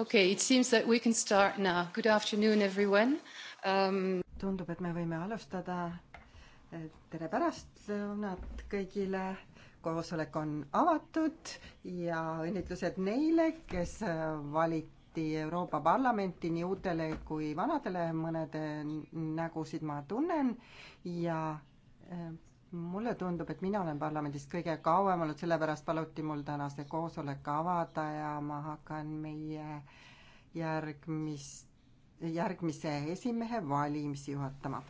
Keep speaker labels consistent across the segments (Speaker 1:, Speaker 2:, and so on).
Speaker 1: Okay, it seems that we can start now. Good afternoon, everyone um.... tundub, et me võime alustada. tere pärastlõunat kõigile. koosolek on avatud ja õnnitlused neile, kes valiti Euroopa Parlamenti nii uutele kui vanadele, mõnede nägusid ma tunnen ja eh, mulle tundub, et mina olen parlamendis kõige kauem olnud, sellepärast paluti mul täna see koosolek avada ja ma hakkan meie järgmist, järgmise esimehe valimisi juhatama.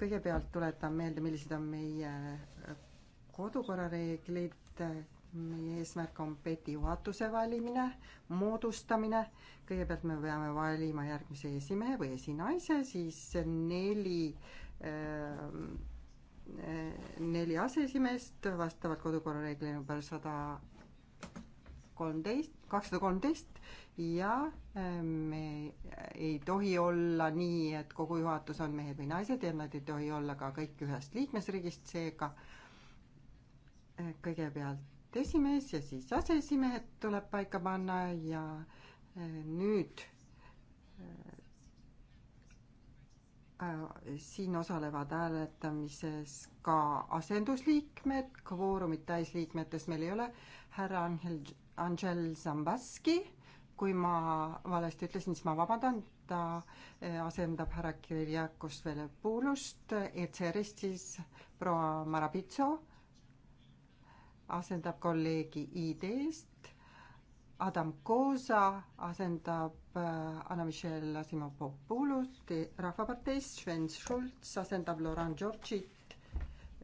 Speaker 1: kõigepealt tuletan meelde, millised on meie äh, kodukorrareeglid, meie eesmärk on PETi juhatuse valimine, moodustamine, kõigepealt me peame valima järgmise esimehe või esinaise, siis neli öö, äh, neli aseesimeest vastavalt kodukorrareegli number sada kolmteist, kakssada kolmteist ja ehm, me ei tohi olla nii, et kogu juhatus on mehed või naised ja nad ei tohi olla ka kõik ühest liikmesriigist, seega eh, kõigepealt esimees ja siis aseesimehed tuleb paika panna ja eh, nüüd eh, Äh, siin osalevad hääletamises ka asendusliikmed, kvoorumit täisliikmetest meil ei ole, härra Angel, Angel Zambaski, kui ma valesti ütlesin, siis ma vabandan, ta äh, asendab härra Kirjakos Velepulust, ECR-ist siis proua Marabitso, asendab kolleegi ID-st, Adam Koosa asendab Äh, Anna-Michelle Asimopoulos Rahvaparteist, Sven Schulz asendab Laurent Georgit,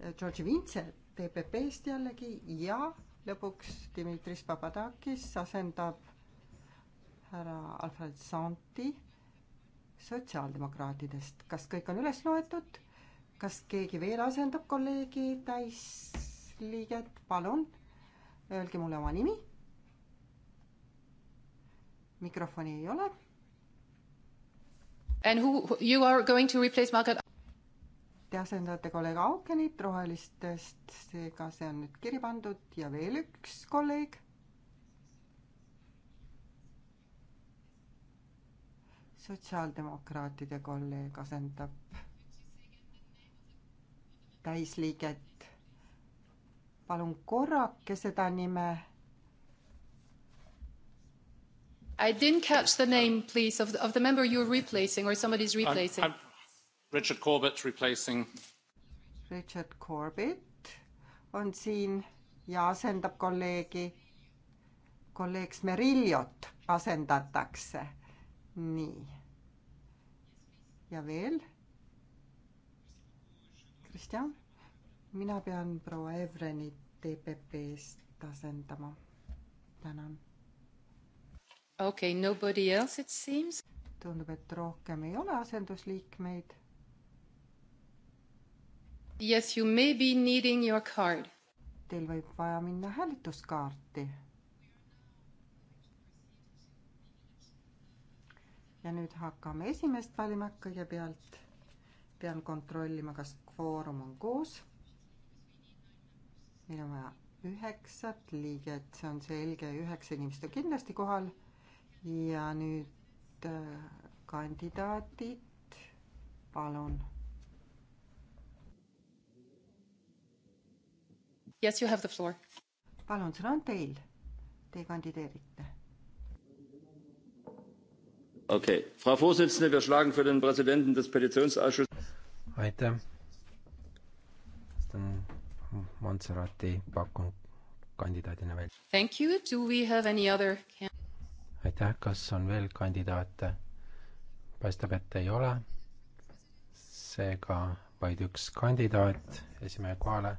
Speaker 1: äh, Georgi Vintset EPP-st jällegi ja lõpuks Dimitris Papadakis asendab härra Alfred Santi sotsiaaldemokraatidest. kas kõik on üles loetud? kas keegi veel asendab kolleegi täisliiget? palun öelge mulle oma nimi mikrofoni ei ole. And who you are going to replace Margaret? Te asendate kolleeg Aukenit rohelistest, seega see on nüüd kirja pandud ja veel üks kolleeg. sotsiaaldemokraatide kolleeg asendab täisliiget. palun korrake seda nime I didn't catch the name, please, of the, of the member you're replacing or somebody's replacing. I'm, I'm Richard Corbett's replacing. Richard Corbett on siin ja asendab kolleegi, kolleeg Smeriljot asendatakse. nii. ja veel? Kristjan, mina pean proua Evrenit EPP-st asendama. tänan okei okay,, nobody else it seems. tundub, et rohkem ei ole asendusliikmeid. Yes, you may be needing your card. Teil võib vaja minna hääletuskaarti. ja nüüd hakkame esimest valima kõigepealt. pean kontrollima, kas kvoorum on koos. meil on vaja üheksat liiget, see on selge, üheksa inimest on kindlasti kohal ja nüüd äh, kandidaadid, palun. Yes, you have the floor. palun, sõna on teil. Te kandideerite.
Speaker 2: okei okay.,
Speaker 3: Frau Vorsitzende, wir schlagen für den Präsidenten des Petitionsausschusses.
Speaker 2: aitäh. Montserrati pakun kandidaadina välja.
Speaker 1: Thank you, do we have any other can-?
Speaker 2: aitäh, kas on veel kandidaate? paistab, et ei ole. seega vaid üks kandidaat esimehe kohale,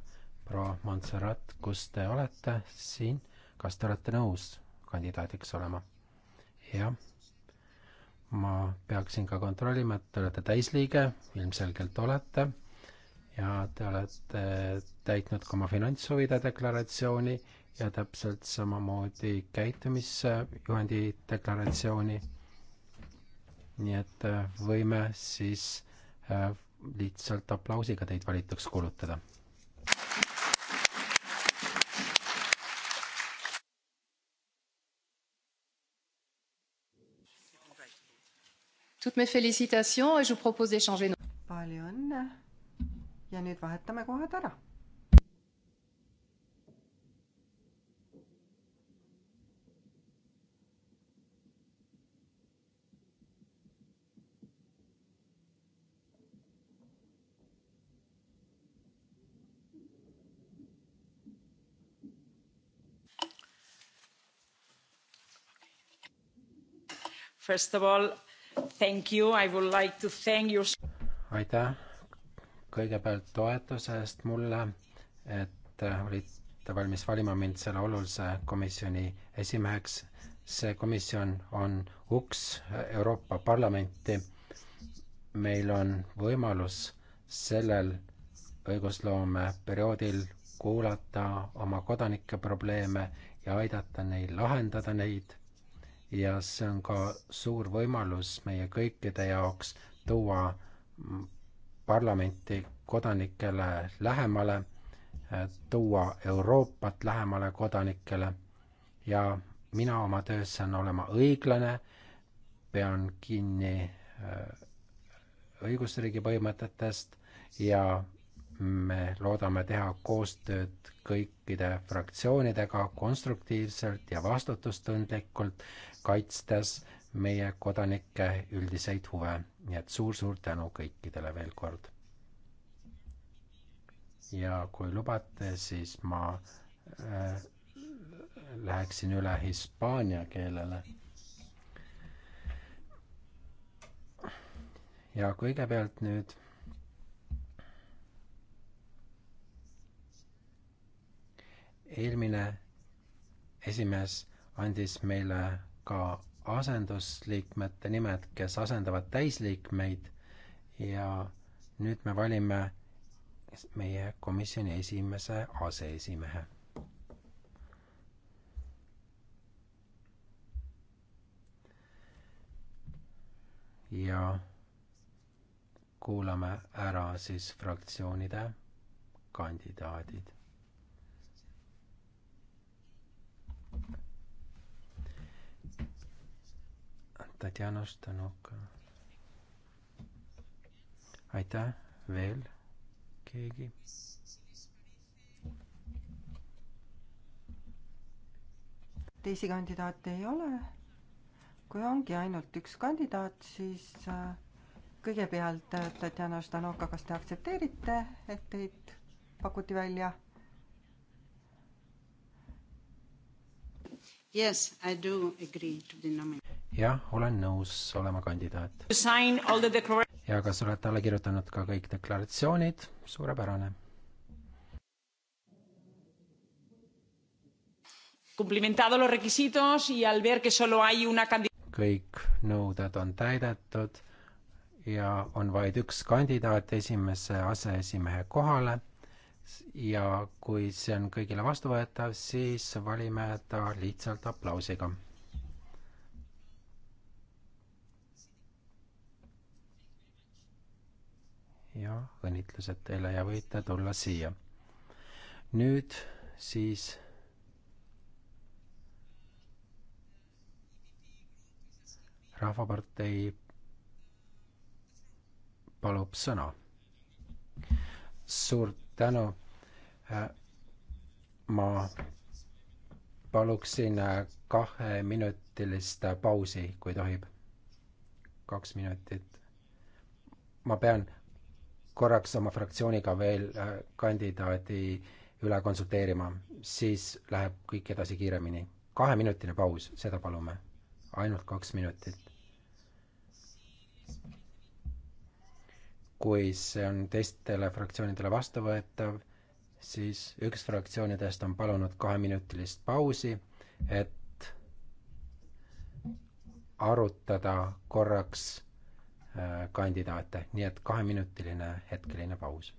Speaker 2: proua Montserrat, kus te olete siin, kas te olete nõus kandidaadiks olema? jah. ma peaksin ka kontrollima, et te olete täisliige, ilmselgelt olete ja te olete täitnud ka oma finantshuvide deklaratsiooni ja täpselt samamoodi käitumisjuhendi deklaratsiooni. nii et äh, võime siis äh, lihtsalt aplausiga teid valituks kuulutada.
Speaker 1: Toutes mes félicitations et je vous propose d'échanger. Palju õnne ja nüüd vahetame kohad ära
Speaker 3: first of all thank you i would like to thank you
Speaker 2: aitäh kõigepealt toetuse eest mulle, et olite valmis valima mind selle olulise komisjoni esimeheks. see komisjon on uks Euroopa Parlamenti. meil on võimalus sellel õigusloomeperioodil kuulata oma kodanike probleeme ja aidata neil lahendada neid. ja see on ka suur võimalus meie kõikide jaoks tuua parlamenti kodanikele lähemale, eh, tuua Euroopat lähemale kodanikele ja mina oma töös saan olema õiglane, pean kinni eh, õigusriigi põhimõtetest ja me loodame teha koostööd kõikide fraktsioonidega konstruktiivselt ja vastutustundlikult, kaitstes meie kodanike üldiseid huve, nii et suur-suur tänu kõikidele veel kord. ja kui lubate, siis ma äh, läheksin üle hispaania keelele. ja kõigepealt nüüd eelmine esimees andis meile ka asendusliikmete nimed, kes asendavad täisliikmeid ja nüüd me valime meie komisjoni esimese aseesimehe. ja kuulame ära siis fraktsioonide kandidaadid. Tatjana Stanoka. aitäh, veel keegi?
Speaker 1: teisi kandidaate ei ole. kui ongi ainult üks kandidaat, siis äh, kõigepealt äh, Tatjana Stanoka, kas te aktsepteerite, et teid pakuti välja?
Speaker 3: Yes, I do agree to the nomination
Speaker 2: jah, olen nõus olema kandidaat. ja kas olete alla kirjutanud ka kõik deklaratsioonid? suurepärane. kõik nõuded on täidetud ja on vaid üks kandidaat esimese aseesimehe kohale ja kui see on kõigile vastuvõetav, siis valime ta lihtsalt aplausiga ja õnnitlused teile ja võite tulla siia. nüüd siis rahvapartei palub sõna. suur tänu. Äh, ma paluksin äh, kaheminutilist äh, pausi, kui tohib. kaks minutit. ma pean korraks oma fraktsiooniga veel äh, kandidaadi üle konsulteerima, siis läheb kõik edasi kiiremini. kaheminutine paus, seda palume. ainult kaks minutit. kui see on teistele fraktsioonidele vastuvõetav, siis üks fraktsioonidest on palunud kaheminutilist pausi, et arutada korraks Äh, kandidaate, nii et kaheminutiline hetkeline paus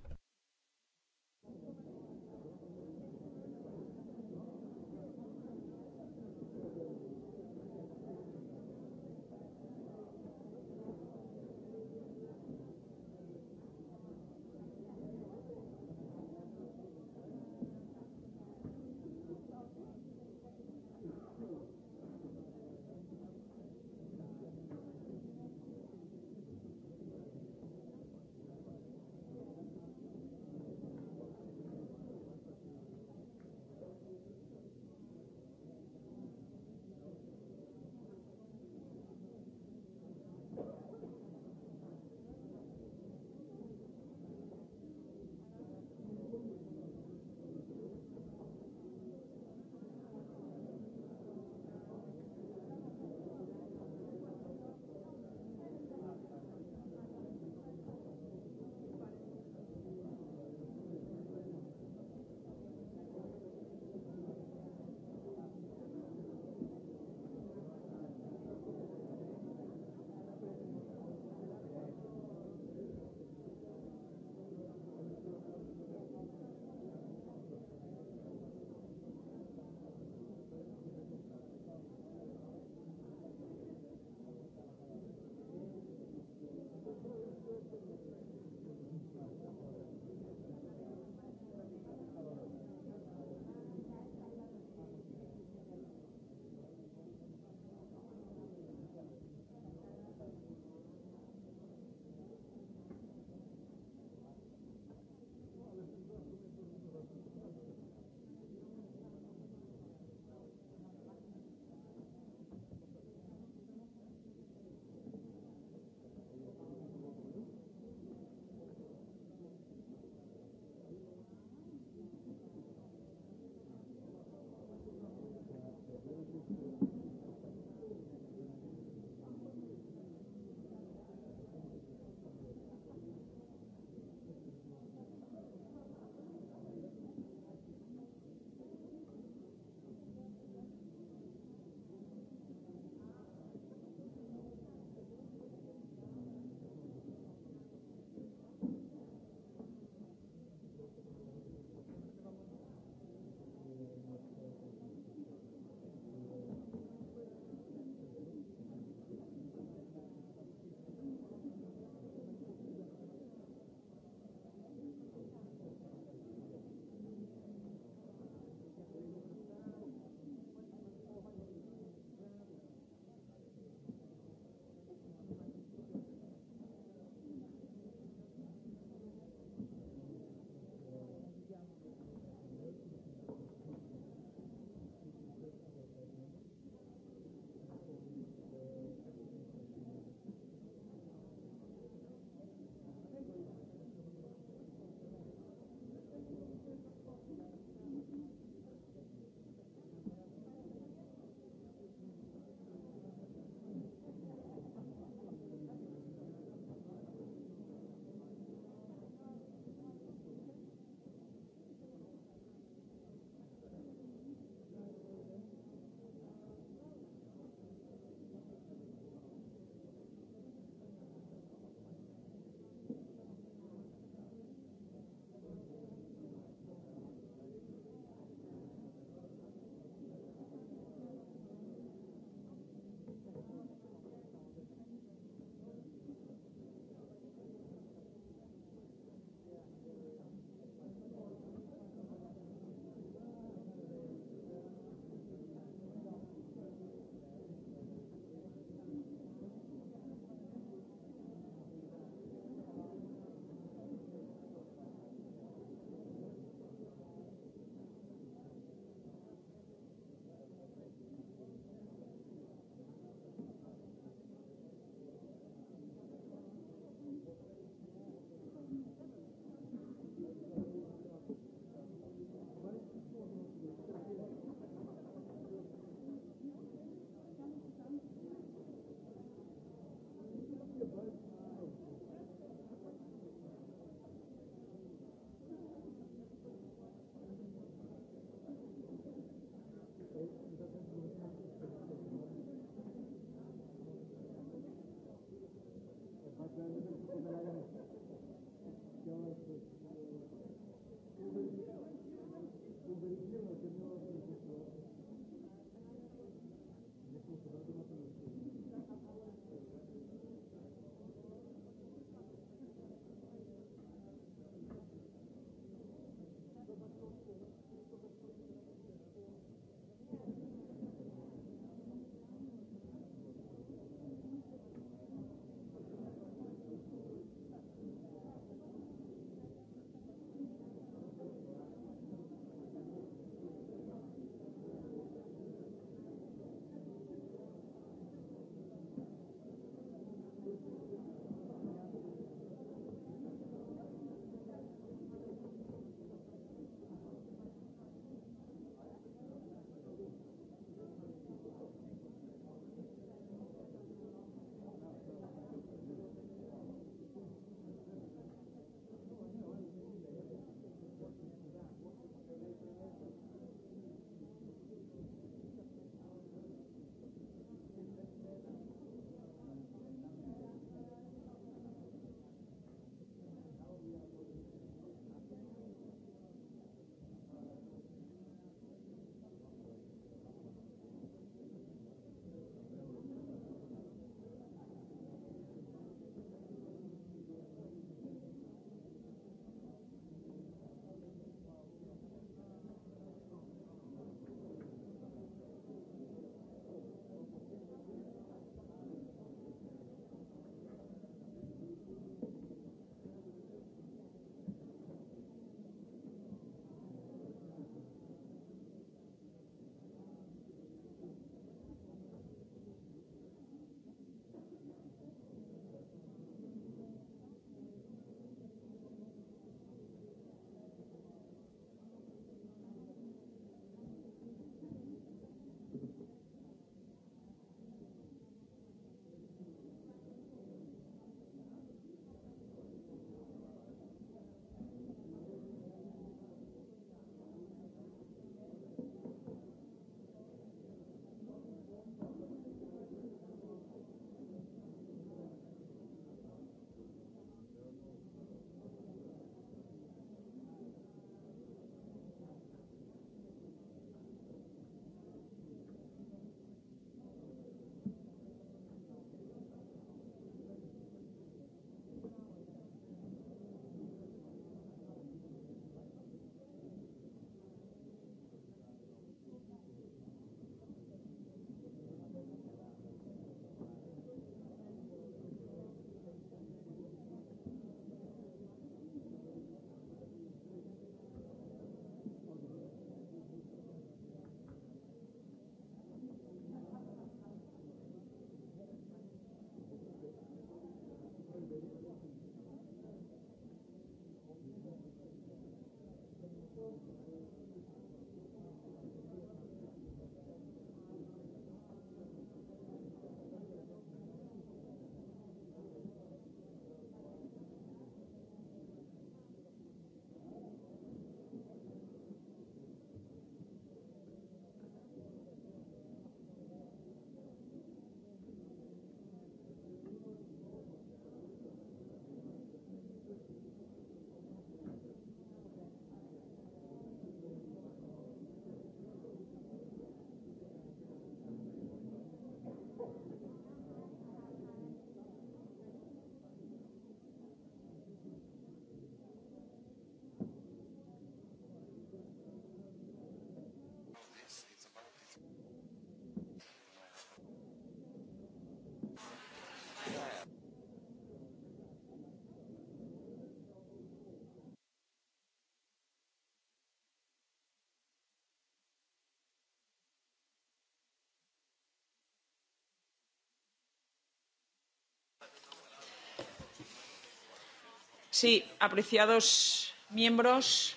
Speaker 3: Sí, apreciados miembros,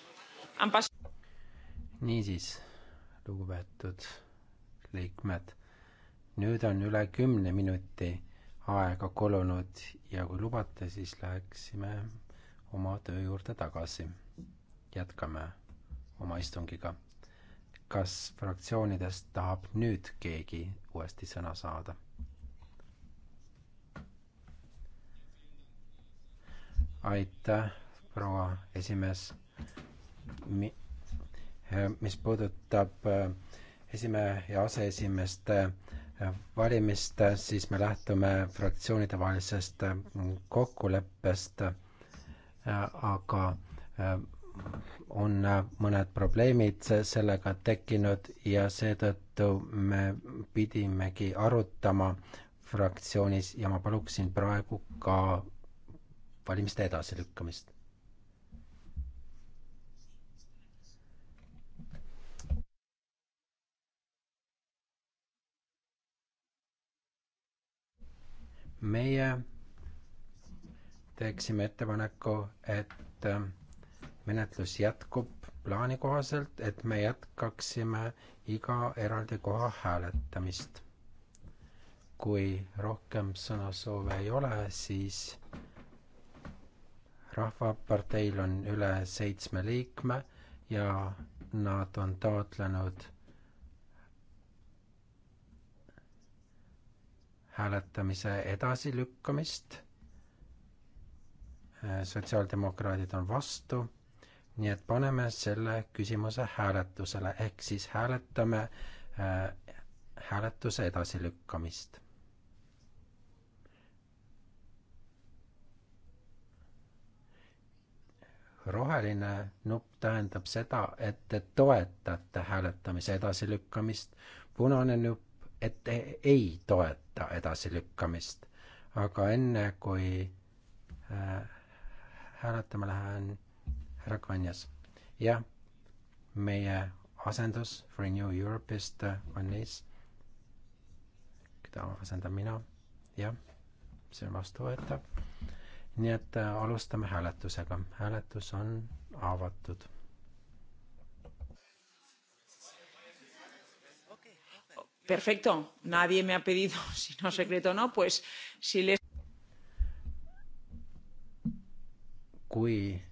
Speaker 3: han pas-.
Speaker 2: niisiis, lugupeetud liikmed, nüüd on üle kümne minuti aega kulunud ja kui lubate, siis läheksime oma töö juurde tagasi. jätkame oma istungiga. kas fraktsioonidest tahab nüüd keegi uuesti sõna saada? aitäh, proua esimees Mi,. mis puudutab äh, esimehe ja aseesimeeste äh, valimist, äh, siis me lähtume fraktsioonidevahelisest kokkuleppest, aga on mõned probleemid sellega tekkinud ja seetõttu me pidimegi arutama fraktsioonis ja ma paluksin praegu ka valimiste edasilükkamist. meie teeksime ettepaneku, et äh, menetlus jätkub plaani kohaselt, et me jätkaksime iga eraldi koha hääletamist. kui rohkem sõnasoove ei ole, siis rahvaparteil on üle seitsme liikme ja nad on taotlenud hääletamise edasilükkamist. sotsiaaldemokraadid on vastu, nii et paneme selle küsimuse hääletusele, ehk siis hääletame äh, hääletuse edasilükkamist roheline nupp tähendab seda, et te toetate hääletamise edasilükkamist, punane nupp, et te ei toeta edasilükkamist. aga enne, kui äh, hääletama lähen, härra Kanjas, jah, meie asendus Renew Europe'ist äh, on neis, keda asendan mina, jah, see on vastuvõetav nii et äh, alustame hääletusega. hääletus on avatud.
Speaker 3: Perfecto, nadie me ha pedido, si no secreto no, pues si les.
Speaker 2: kui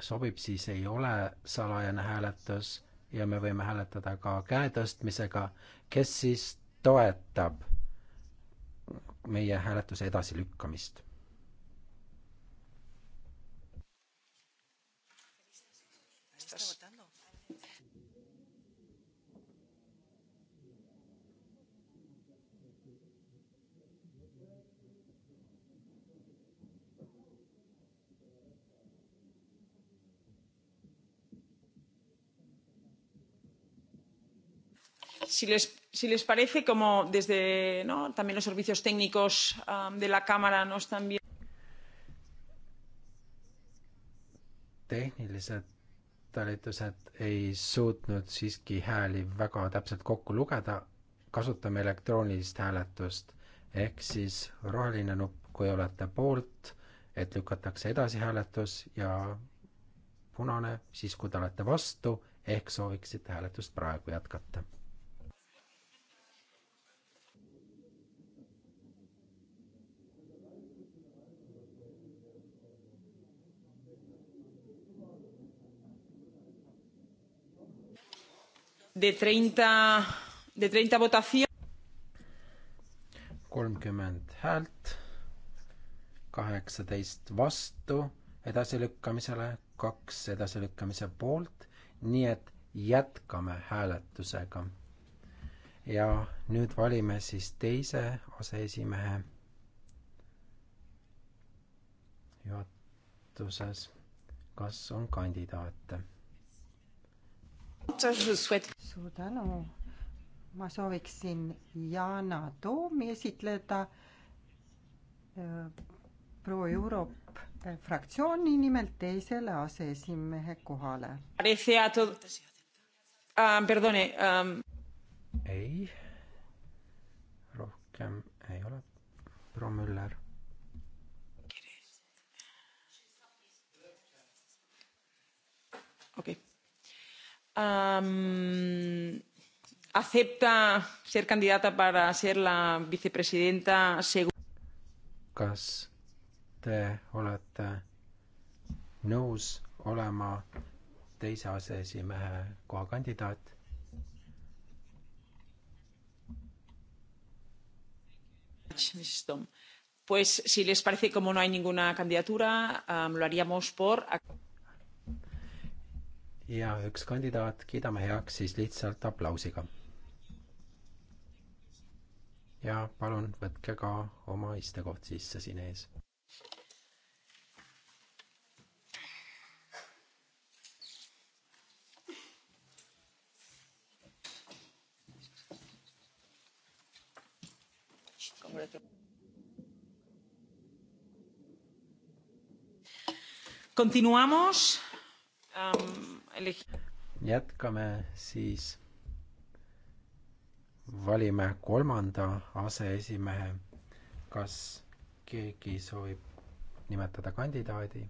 Speaker 2: sobib, siis ei ole salajane hääletus ja me võime hääletada ka käe tõstmisega, kes siis toetab meie hääletuse edasilükkamist.
Speaker 1: Estas
Speaker 3: si les, si les parece, como desde ¿no? también los servicios técnicos um, de la Cámara nos están viendo.
Speaker 2: tehnilised talitused ei suutnud siiski hääli väga täpselt kokku lugeda, kasutame elektroonilist hääletust. ehk siis roheline nupp, kui olete poolt, et lükatakse edasi hääletus ja punane siis, kui te olete vastu, ehk sooviksite hääletust praegu jätkata
Speaker 3: de treinta, de treinta votación.
Speaker 2: kolmkümmend häält, kaheksateist vastu edasilükkamisele, kaks edasilükkamise poolt, nii et jätkame hääletusega. ja nüüd valime siis teise aseesimehe juhatuses, kas on kandidaate
Speaker 1: suur tänu. ma sooviksin Yana Toomi esitleda äh, Pro Europe äh, fraktsiooni nimelt teisele aseesimehe kohale.
Speaker 3: Ah,
Speaker 2: ei, rohkem ei ole. proua Müller
Speaker 3: okei okay um, acepta ser candidata para ser la vicepresidenta segu-.
Speaker 2: kas te olete nõus olema teise aseesimehe koha kandidaat?
Speaker 3: Pues si les parece, como no hay ninguna candidatura, um, lo haríamos por
Speaker 2: ja üks kandidaat kiidame heaks siis lihtsalt aplausiga. ja palun võtke ka oma istekoht sisse siin ees.
Speaker 3: Continuamos. Um
Speaker 2: jätkame siis, valime kolmanda aseesimehe. kas keegi soovib nimetada kandidaadi?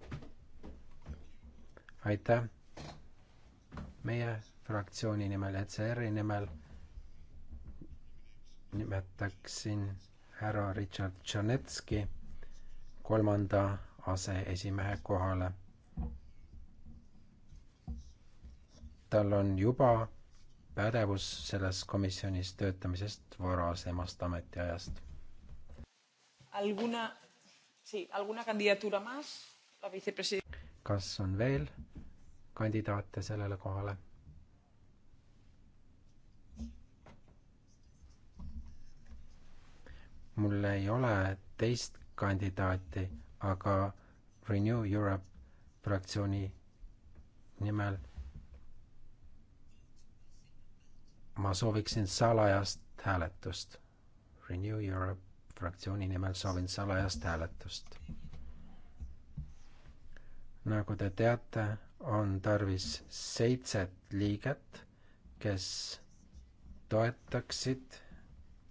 Speaker 2: aitäh. meie fraktsiooni nimel, ECR-i nimel nimetaksin härra Richard Tšernetski kolmanda aseesimehe kohale tal on juba pädevus selles komisjonis töötamisest varasemast ametiajast. kas on veel kandidaate sellele kohale? mul ei ole teist kandidaati, aga Renew Europe fraktsiooni nimel ma sooviksin salajast hääletust. Renew Europe fraktsiooni nimel soovin salajast hääletust. nagu te teate, on tarvis seitset liiget, kes toetaksid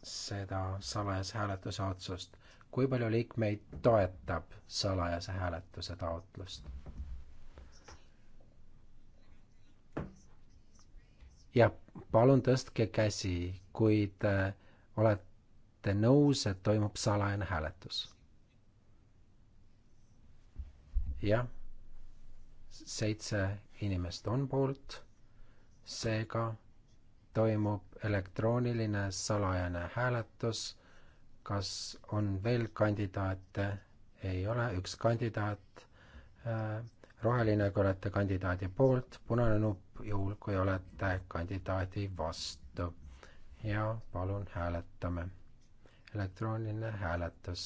Speaker 2: seda salajase hääletuse otsust. kui palju liikmeid toetab salajase hääletuse taotlust? jah palun tõstke käsi, kui te äh, olete nõus, et toimub salajane hääletus. jah, seitse inimest on poolt, seega toimub elektrooniline salajane hääletus. kas on veel kandidaate? ei ole, üks kandidaat äh, roheline, kui olete kandidaadi poolt, punane nupp juhul, kui olete kandidaadi vastu. ja palun hääletame. elektrooniline hääletus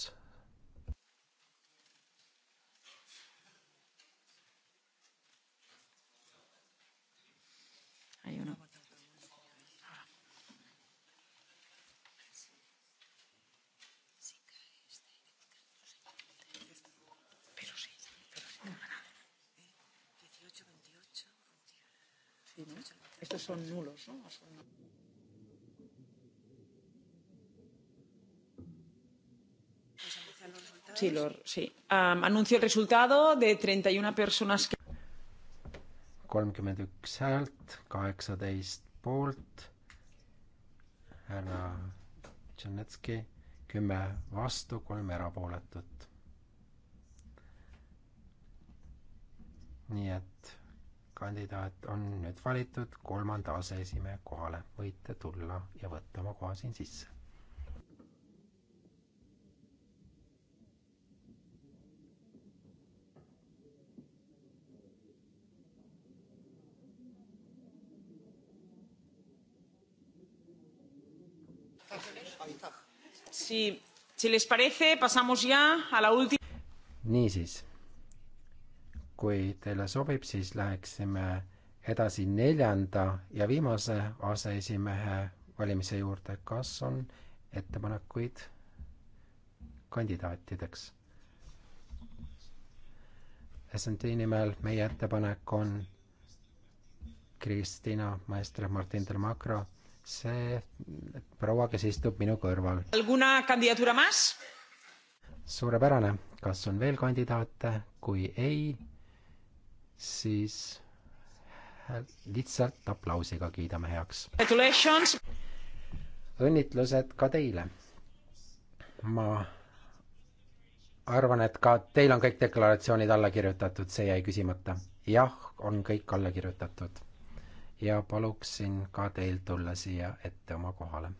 Speaker 3: votos son nulos. ¿no? O sea, no. Sí, lo, sí. Um, anuncio el resultado de 31 personas que...
Speaker 2: kolmkümmend üks häält, kaheksateist poolt, härra Tšernetski, kümme vastu, kolm erapooletut. nii et kandidaat on nüüd valitud kolmanda aseesimehe kohale. võite tulla ja võtta oma koha siin sisse. niisiis kui teile sobib, siis läheksime edasi neljanda ja viimase aseesimehe valimise juurde. kas on ettepanekuid kandidaatideks? SMT nimel meie ettepanek on Kristina Maestre Martin del Macro, see proua, kes istub minu kõrval. suurepärane, kas on veel kandidaate, kui ei, siis lihtsalt aplausiga kiidame heaks. õnnitlused ka teile. ma arvan, et ka teil on kõik deklaratsioonid alla kirjutatud, see jäi küsimata. jah, on kõik alla kirjutatud. ja paluksin ka teil tulla siia ette oma kohale.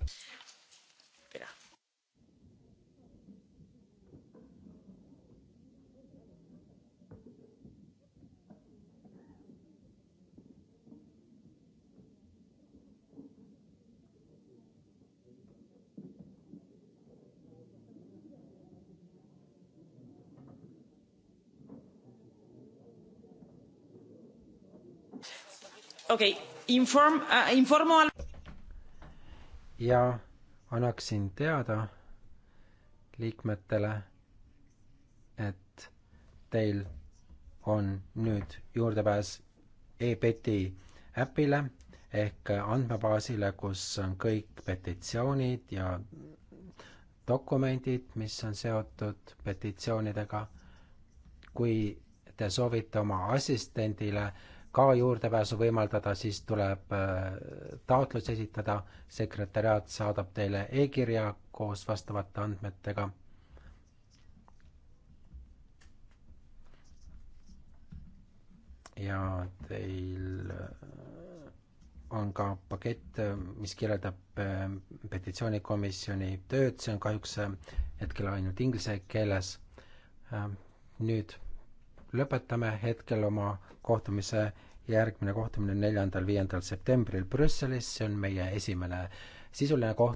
Speaker 3: okei okay,, inform äh,, informo al-.
Speaker 2: ja annaksin teada liikmetele, et teil on nüüd juurdepääs e-peti äpile ehk andmebaasile, kus on kõik petitsioonid ja dokumendid, mis on seotud petitsioonidega. kui te soovite oma assistendile ka juurdepääsu võimaldada, siis tuleb äh, taotlus esitada, sekretäriaat saadab teile e-kirja koos vastavate andmetega. ja teil äh, on ka pakett, äh, mis kirjeldab petitsioonikomisjoni tööd, see on kahjuks hetkel ainult inglise keeles. nüüd lõpetame hetkel oma kohtumise, järgmine kohtumine neljandal-viiendal septembril Brüsselis, see on meie esimene sisuline koht-.